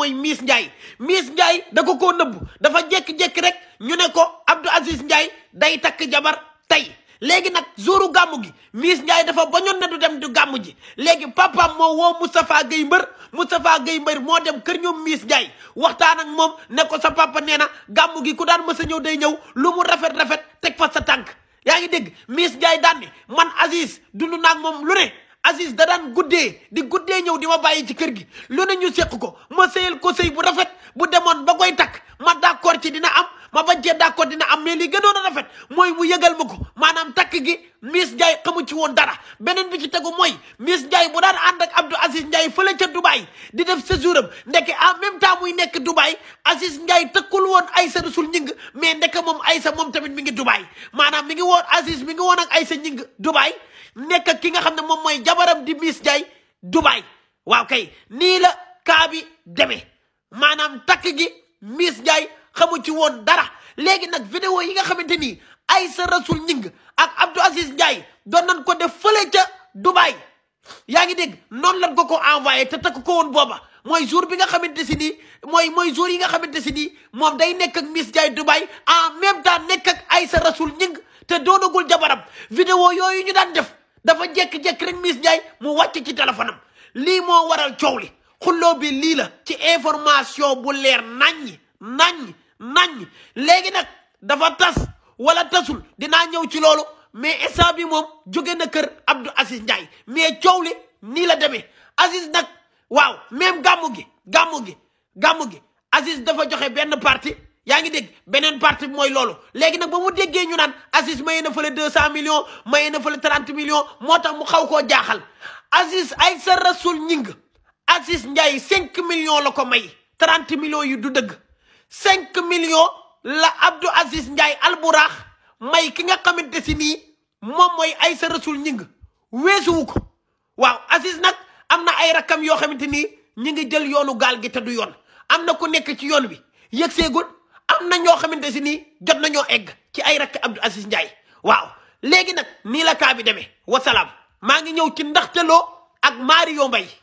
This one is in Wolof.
mooy Miss Ndiaye Miss Ndiaye da ko koo nëbb dafa jékki-jékki rek ñu ne ko Abdou Aziz Ndiaye day takk jabar tey léegi nag jouru gàmmu gi Miss Ndiaye dafa bañoon ne du dem du gàmmu ji léegi papaam moo woo Moustapha Gueye Mbër Moustapha Gueye Mbër moo dem kër ñoom Miss Ndiaye waxtaan ak moom ne ko sa papa nee na gàmmu gi ku daan mës a ñëw day ñëw lu mu rafet rafet teg fa sa tànk yaa ngi dégg Miss Ndiaye daan ne man Aziz dund naag moom lu ne Aziz da daan guddee di guddee ñëw di ma bàyyi ci kër gi loo ne ñu sequ ko ma sëyal ko sey bu rafet bu demoon ba koy takk ma d'accord ci dina am ma ba cee d'accord dina am mais li gënoon a rafet mooy mu yëgal ma ko maanaam takk gi Miss Ndiaye xamu ci woon dara beneen bi ci tegu mooy Miss Ndiaye bu daan ànd ak Abdou Aziz Ndiaye fële ca Dubaï di def séjour am ndeke en même temps muy nekk Dubaï Aziz Ndiaye tëkkul woon Aïssa Rasul ñing mais ndeke moom Aïssa moom tamit mi ngi Dubaï maanaam mi ngi woon Aziz mi ngi woon ak Aïssa ñing Dubaï nekk ak ki nga xam ne moom mooy jabaram di Miss Ndiaye Dubaay waaw kay nii la kaa bi demee maanaam takk gi Miss Ndiaye xamu ci woon dara léegi nag vidéo yi nga xamante ni Aïssa Rasoul Gningue ak Abdou Aziz Ndiaye doon nañ ko def fële ca Dubaay yaa ngi dégg noonu lañ ko ko envoyé te takk ko woon booba mooy jour bi nga xamante si nii mooy mooy jour yi nga xamante si nii moom day nekk ak Miss Ndiaye Dubaay en même temps nekk ak Aïssa Rasoul Gningue te doonagul jabaram vidéo yooyu ñu daan def dafa jékki-jékki rek Miss Ndiaye mu wàcc ci téléphone lii moo waral coow li xulloo bi lii la ci information bu leer naññ nañ naññ léegi nag dafa tas wala tasul dinaa ñëw ci loolu mais instant bi moom jóge na kër Abdou Aziz Ndiaye mais coow li nii la demee Aziz nag waaw même gàmmu gi gàmmu gi gàmmu gi Aziz dafa joxe benn parti yaa ngi dégg beneen parti mooy loolu léegi nag ba mu déggee ñu naan Aziz maye na fële deux cent millions maye na fële trente millions moo tax mu xaw koo jaaxal Aziz ay sa rasul ñing Aziz Ndiaye cinq millions la ko may trente millions yu du dëgg cinq million la Abdou Aziz Ndiaye alburax may ki nga xamante si nii moom mooy ay sa rasul ñing weesuwu ko waaw Aziz nag am na ay rakkam yoo xamante nii ñi ngi jël yoonu gaal gi te du yoon am na ku nekk ci yoon bi yëg am na ñoo xamante si nii jot nañoo egg ci ay rakk Abdou Aziz Ndiaye waaw léegi nag nii la kaa bi demee wasalaam maa ngi ñëw ci ndaxteloo ak Mario Mbaye